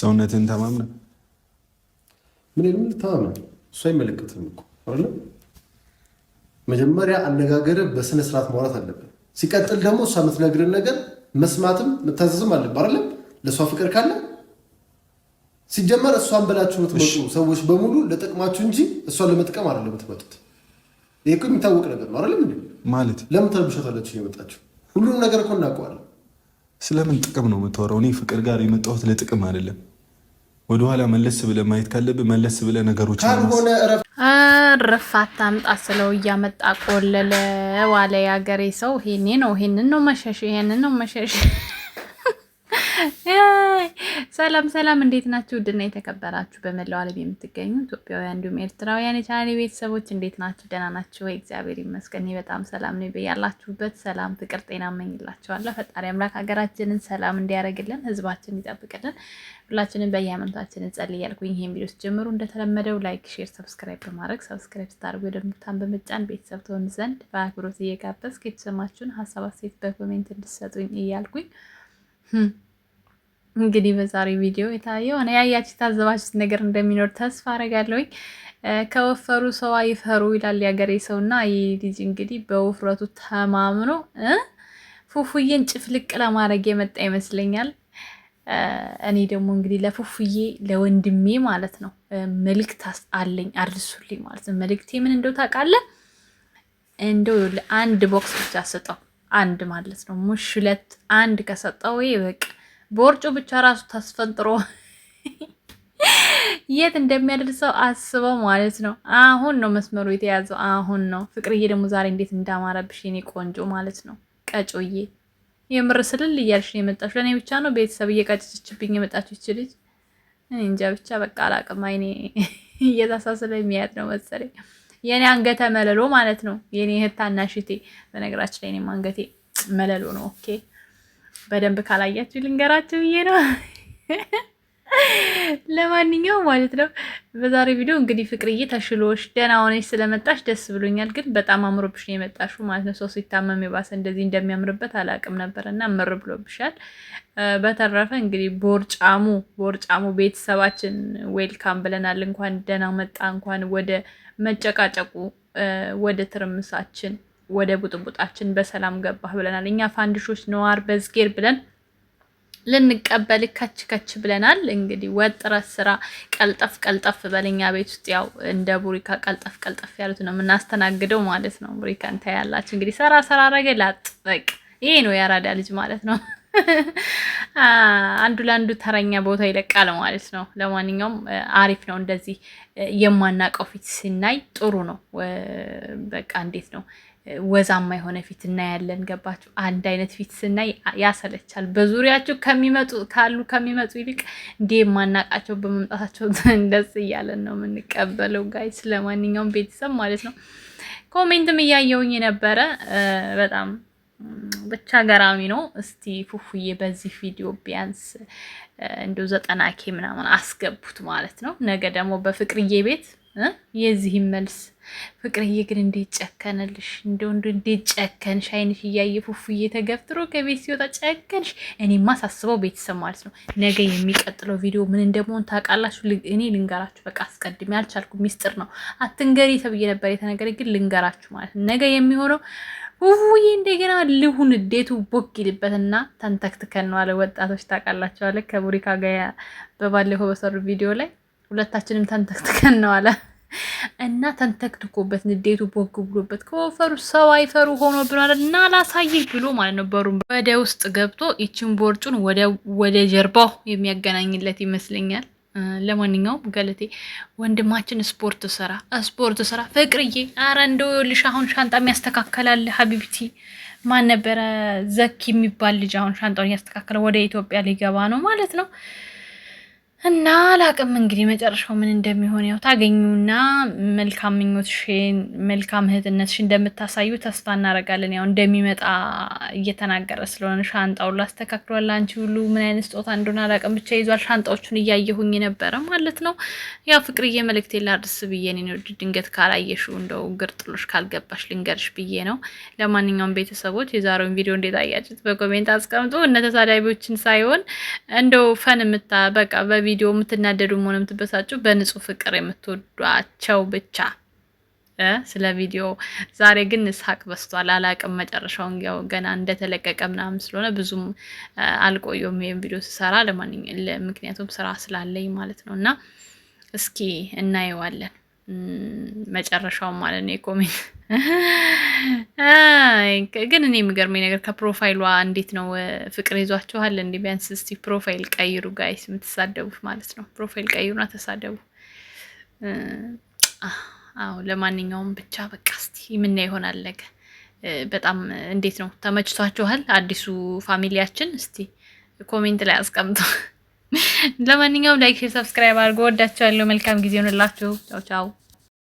ሰውነትን ተማምነ ምን ምን ተማምነ እሱ አይመለከትም እኮ አለ። መጀመሪያ አነጋገር በስነ ስርዓት ማውራት አለብን። ሲቀጥል ደግሞ እሷ የምትነግርን ነገር መስማትም መታዘዝም አለብህ አይደለም። ለእሷ ፍቅር ካለ ሲጀመር እሷን ብላችሁ የምትመጡ ሰዎች በሙሉ ለጥቅማችሁ እንጂ እሷን ለመጥቀም አይደለም የምትመጡት። ይህ እኮ የሚታወቅ ነገር ነው አይደለም። ማለት ለምን ተረብሻታላችሁ የመጣችሁ? ሁሉንም ነገር እኮ እናውቀዋለን። ስለምን ጥቅም ነው የምታወራው? እኔ ፍቅር ጋር የመጣሁት ለጥቅም አይደለም። ወደኋላ መለስ ብለ ማየት ካለብህ መለስ ብለ ነገሮች እረፍ አምጣ ስለው እያመጣ ቆለለ ዋለ። የሀገሬ ሰው ይሄኔ ነው፣ ይሄንን ነው መሸሽ፣ ይሄንን ነው መሸሽ ሰላም ሰላም፣ እንዴት ናችሁ? ውድና የተከበራችሁ በመላው ዓለም የምትገኙ ኢትዮጵያውያን እንዲሁም ኤርትራውያን የቻናሌ ቤተሰቦች እንዴት ናችሁ? ደህና ናችሁ ወይ? እግዚአብሔር ይመስገን በጣም ሰላም ነው። በያላችሁበት ሰላም፣ ፍቅር፣ ጤና እመኝላችኋለሁ። ፈጣሪ አምላክ ሀገራችንን ሰላም እንዲያደርግልን፣ ህዝባችን ይጠብቅልን። ሁላችንን በየሃይማኖታችን እንጸልይ እያልኩኝ ይሄን ቪዲዮ ጀምሩ። እንደተለመደው ላይክ፣ ሼር፣ ሰብስክራይብ በማድረግ ሰብስክራይብ ስታደርጉ የደምታን በመጫን ቤተሰብ ትሆኑ ዘንድ በአክብሮት እየጋበዝኩ የተሰማችሁን ሀሳብ አስተያየት በኮሜንት እንድሰጡኝ እያልኩኝ እንግዲህ በዛሬ ቪዲዮ እኔ ያያችሁ ታዘባችሁት ነገር እንደሚኖር ተስፋ አረጋለሁኝ። ከወፈሩ ሰው አይፈሩ ይላል ያገሬ ሰው እና ይህ ልጅ እንግዲህ በውፍረቱ ተማምኖ ፉፉዬን ጭፍልቅ ለማድረግ የመጣ ይመስለኛል። እኔ ደግሞ እንግዲህ ለፉፉዬ ለወንድሜ ማለት ነው መልእክት አለኝ፣ አድርሱልኝ ማለት ነው። መልእክቴ ምን እንደው ታውቃለህ? እንደው አንድ ቦክስ ብቻ ሰጠው አንድ ማለት ነው ሙሽ ሁለት አንድ ከሰጠው በቃ በወርጮ ብቻ ራሱ ተስፈንጥሮ የት እንደሚያደርሰው አስበው ማለት ነው። አሁን ነው መስመሩ የተያዘው፣ አሁን ነው ፍቅርዬ። ደግሞ ዛሬ እንዴት እንዳማረብሽ የኔ ቆንጆ ማለት ነው ቀጮዬ። የምር ስልል እያልሽ ነው የመጣችው። ለእኔ ብቻ ነው ቤተሰብ እየቀጭችብኝ የመጣች ይችልች እንጃ ብቻ በቃ አላቅም። አይኔ እየታሳሰለ የሚያያት ነው መሰለኝ የእኔ አንገተ መለሎ ማለት ነው። የኔ እህት ታናሽቴ፣ በነገራችን ላይ እኔም አንገቴ መለሎ ነው። ኦኬ በደንብ ካላያችሁ ልንገራችሁ ብዬ ነው። ለማንኛውም ማለት ነው በዛሬ ቪዲዮ እንግዲህ ፍቅርዬ ተሽሎሽ ደህና ሆነሽ ስለመጣሽ ደስ ብሎኛል። ግን በጣም አምሮብሽ ነው የመጣሽው ማለት ነው። ሰው ሲታመም የባሰ እንደዚህ እንደሚያምርበት አላውቅም ነበር እና ምር ብሎብሻል። በተረፈ እንግዲህ ቦርጫሙ ቦርጫሙ ቤተሰባችን ዌልካም ብለናል። እንኳን ደህና መጣ፣ እንኳን ወደ መጨቃጨቁ፣ ወደ ትርምሳችን ወደ ቡጥቡጣችን በሰላም ገባህ ብለናል። እኛ ፋንድሾች ነዋር በዝጌር ብለን ልንቀበል ከች ከች ብለናል። እንግዲህ ወጥረት ስራ ቀልጠፍ ቀልጠፍ በለኛ ቤት ውስጥ ያው እንደ ቡሪካ ቀልጠፍ ቀልጠፍ ያሉት ነው የምናስተናግደው ማለት ነው። ቡሪካ እንታ ያላችሁ እንግዲህ ሰራ ሰራ ረገ ላጥበቅ ይሄ ነው የአራዳ ልጅ ማለት ነው። አንዱ ለአንዱ ተረኛ ቦታ ይለቃል ማለት ነው። ለማንኛውም አሪፍ ነው። እንደዚህ የማናቀው ፊት ሲናይ ጥሩ ነው። በቃ እንዴት ነው ወዛማ የሆነ ፊት እናያለን። ገባችሁ? አንድ አይነት ፊት ስናይ ያሰለቻል። በዙሪያቸው ከሚመጡ ካሉ ከሚመጡ ይልቅ እንዲ የማናቃቸው በመምጣታቸው ደስ እያለን ነው የምንቀበለው። ጋይ ስለማንኛውም ቤተሰብ ማለት ነው። ኮሜንትም እያየውኝ ነበረ በጣም ብቻ ገራሚ ነው። እስቲ ፉፉዬ በዚህ ቪዲዮ ቢያንስ እንደው ዘጠና ኬ ምናምን አስገቡት ማለት ነው። ነገ ደግሞ በፍቅርዬ ቤት የዚህም መልስ ፍቅርዬ ግን እንዴት ጨከነልሽ! ወንዱ እንዴት ጨከንሽ! አይንሽ እያየ ፉፉዬ ተገፍትሮ ከቤት ሲወጣ ጨከንሽ። እኔማ ሳስበው ቤተሰብ ማለት ነው። ነገ የሚቀጥለው ቪዲዮ ምን እንደመሆን ታውቃላችሁ። እኔ ልንገራችሁ፣ በቃ አስቀድሜ አልቻልኩ፣ ሚስጥር ነው። አትንገሪ ተብዬ ነበር የተነገረ፣ ግን ልንገራችሁ ማለት ነው። ነገ የሚሆነው ፉፉዬ እንደገና ልሁን እንዴቱ ቦክ ይልበትና ተንተክትከን ነው አለ። ወጣቶች ታውቃላችኋለ፣ ከቡሪካ ጋር በባለፈው በሰሩ ቪዲዮ ላይ ሁለታችንም ተንተክትከን ነው አለ እና ተንተክትኮበት ንዴቱ ቦግ ብሎበት ከወፈሩ ሰው አይፈሩ ሆኖ ብሏል። እና ላሳይ ብሎ ማለት ነው ወደ ውስጥ ገብቶ ይችን ቦርጩን ወደ ጀርባው የሚያገናኝለት ይመስለኛል። ለማንኛውም ገለቴ ወንድማችን ስፖርት ስራ፣ ስፖርት ስራ ፍቅርዬ። አረ እንደው ይኸውልሽ አሁን ሻንጣ የሚያስተካከላል ሀቢብቲ ማን ነበረ? ዘኪ የሚባል ልጅ አሁን ሻንጣውን እያስተካከለ ወደ ኢትዮጵያ ሊገባ ነው ማለት ነው። እና አላቅም እንግዲህ መጨረሻው ምን እንደሚሆን ያው ታገኙና መልካም ምኞትሽን መልካም እህትነትሽ እንደምታሳዩ ተስፋ እናደርጋለን። ያው እንደሚመጣ እየተናገረ ስለሆነ ሻንጣውን ላስተካክሏል። አንቺ ሁሉ ምን አይነት ስጦታ እንደሆነ አላቅም ብቻ ይዟል። ሻንጣዎቹን እያየሁኝ ነበረ ማለት ነው። ያው ፍቅርዬ መልእክቴ ላድርስ ብዬ ነው። ድንገት ካላየሽ እንደው ግርጥሎሽ ካልገባሽ ልንገርሽ ብዬ ነው። ለማንኛውም ቤተሰቦች የዛሬውን ቪዲዮ እንዴት አያችሁት? በኮሜንት አስቀምጡ። እነ ተሳዳቢዎችን ሳይሆን እንደው ፈን የምታ በቃ በቪ ቪዲዮ የምትናደዱ ሆነ የምትበሳጩ በንጹህ ፍቅር የምትወዷቸው ብቻ። ስለ ቪዲዮ ዛሬ ግን ሳቅ በስቷል። አላቅም መጨረሻውን ያው ገና እንደተለቀቀ ምናምን ስለሆነ ብዙም አልቆየም ይህም ቪዲዮ ስሰራ ለማንኛውም ምክንያቱም ስራ ስላለኝ ማለት ነው እና እስኪ እናየዋለን። መጨረሻውን ማለት ነው የኮሜንት ግን እኔ የሚገርመኝ ነገር ከፕሮፋይሏ እንዴት ነው ፍቅር ይዟችኋል እንዴ? ቢያንስ እስቲ ፕሮፋይል ቀይሩ ጋይስ፣ የምትሳደቡት ማለት ነው። ፕሮፋይል ቀይሩና ተሳደቡ። አዎ ለማንኛውም ብቻ በቃ እስቲ የምና ይሆናል ነገ። በጣም እንዴት ነው ተመችቷችኋል አዲሱ ፋሚሊያችን? እስቲ ኮሜንት ላይ አስቀምጠው። ለማንኛውም ላይክ፣ ሼር፣ ሰብስክራይብ አድርጎ ወዳችኋለሁ። መልካም ጊዜ ሆንላችሁ። ቻው ቻው።